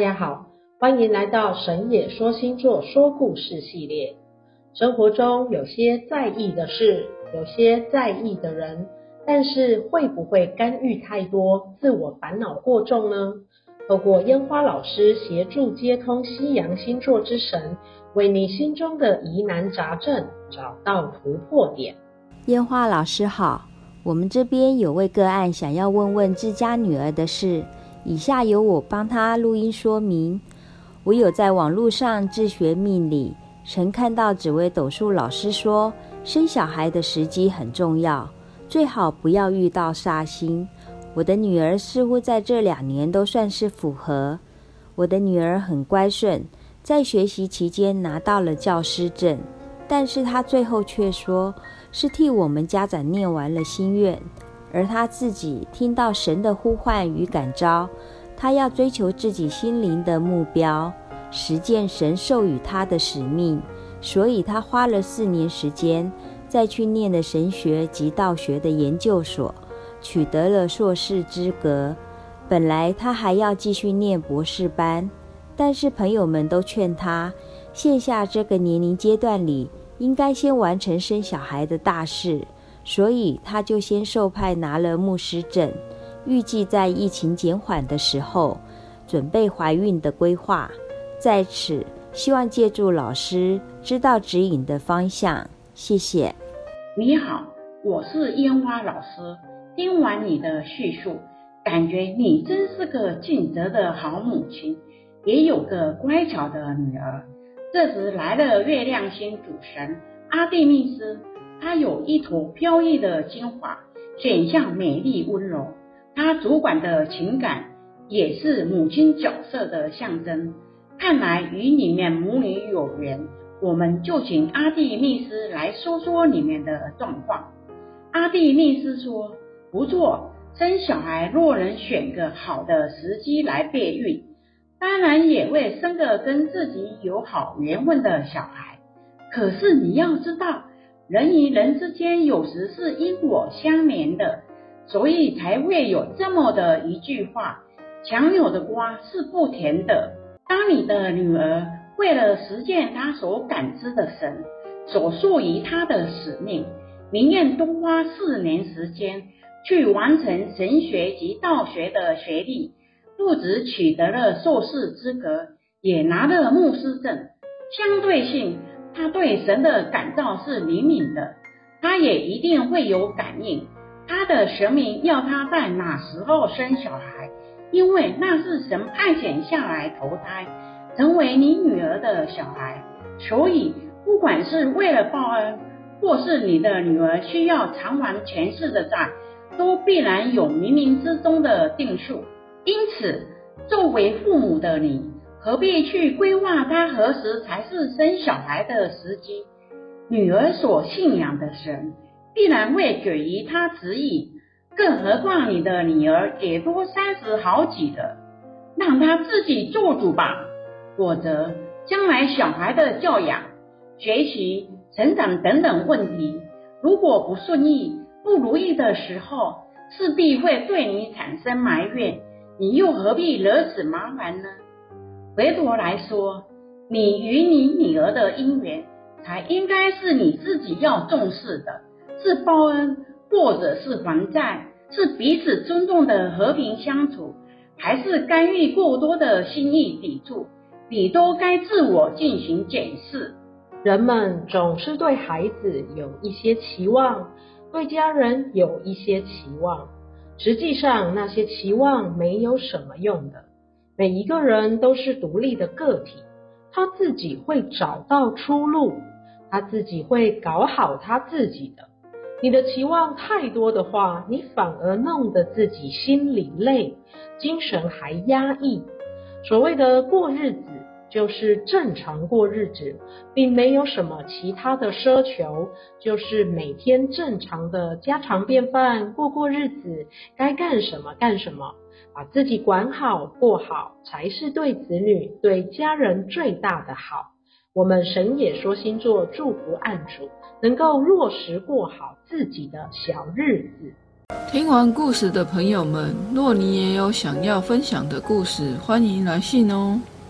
大家好，歡迎來到神野說星座說故事系列。生活中有些在意的事，有些在意的人，但是會不會干預太多，自我煩惱過重呢？透過煙花老師協助接通西洋星座之神，為你心中的疑難雜症找到突破點。煙花老師好，我們這邊有位個案想要問問自家女兒的事。以下由我幫他錄音說明。我有在網絡上自學命理，曾看到紫薇斗數老師說，生小孩的時機很重要，最好不要遇到煞星。我的女兒似乎在這兩年都算是符合。我的女兒很乖順，在學習期間拿到了教師證，但是她最後卻說是替我們家長念完了心願。而他自己聽到神的呼喚與感召，他要追求自己心靈的目標，實踐神授予他的使命，所以他花了四年時間再去念的神學及道學的研究所，取得了碩士資格。本來他還要繼續念博士班，但是朋友們都勸他，現下這個年齡階段裡，應該先完成生小孩的大事。所以他就先受派拿了牧師證，預計在疫情減緩的時候，準備懷孕的規劃。在此希望借助老師知道指引的方向，謝謝。你好，我是煙花老師。聽完你的敘述，感覺你真是個盡責的好母親，也有個乖巧的女兒。這時來了月亮星主神阿蒂密斯。他有一頭飄逸的金髮，顯得美麗溫柔。她主管的情感也是母親角色的象徵。看來與裡面母女有緣，我們就請阿蒂密斯來說說裡面的狀況。阿蒂密斯說：“不錯，生小孩若能選個好的時機來備孕，當然也會生個跟自己有好緣分的小孩。可是你要知道。”人與人之間有時是因果相連的，所以才會有這麼的一句話：“強扭的瓜是不甜的。”當你的女兒為了實踐她所感知的神，所賦予她的使命，寧願多花四年時間去完成神學及道學的學歷，不止取得了碩士資格，也拿了牧師證，相對性。他對神的感召是靈敏的，他也一定會有感應。他的神明要他在哪時候生小孩，因為那是神派遣下來投胎，成為你女兒的小孩。所以，不管是為了報恩，或是你的女兒需要償還前世的債，都必然有冥冥之中的定數。因此，作為父母的你。何必去規劃他何時才是生小孩的時機？女兒所信仰的神必然會給予她指引，更何況你的女兒也多三十好幾了，讓她自己做主吧。否則，將來小孩的教養、學習、成長等等問題，如果不順利，不如意的時候，勢必會對你產生埋怨，你又何必惹此麻煩呢？回頭來說，你與你女兒的姻緣，才應該是你自己要重視的。是報恩，或者是還債？是彼此尊重的和平相處，還是干預過多的心意抵觸？你都該自我進行檢視。人們總是對孩子有一些期望，對家人有一些期望，實際上那些期望沒有什麼用的。每一個人都是獨立的個體，他自己會找到出路，他自己會搞好他自己的。你的期望太多的話，你反而弄得自己心裡累，精神還壓抑。所謂的過日子。就是正常過日子，並沒有什麼其他的奢求，就是每天正常的家常便飯，過過日子，該幹什麼幹什麼，把自己管好過好，才是對子女、對家人最大的好。我們神野說星座祝福案主能夠落實過好自己的小日子。聽完故事的朋友們，若你也有想要分享的故事，歡迎來信哦。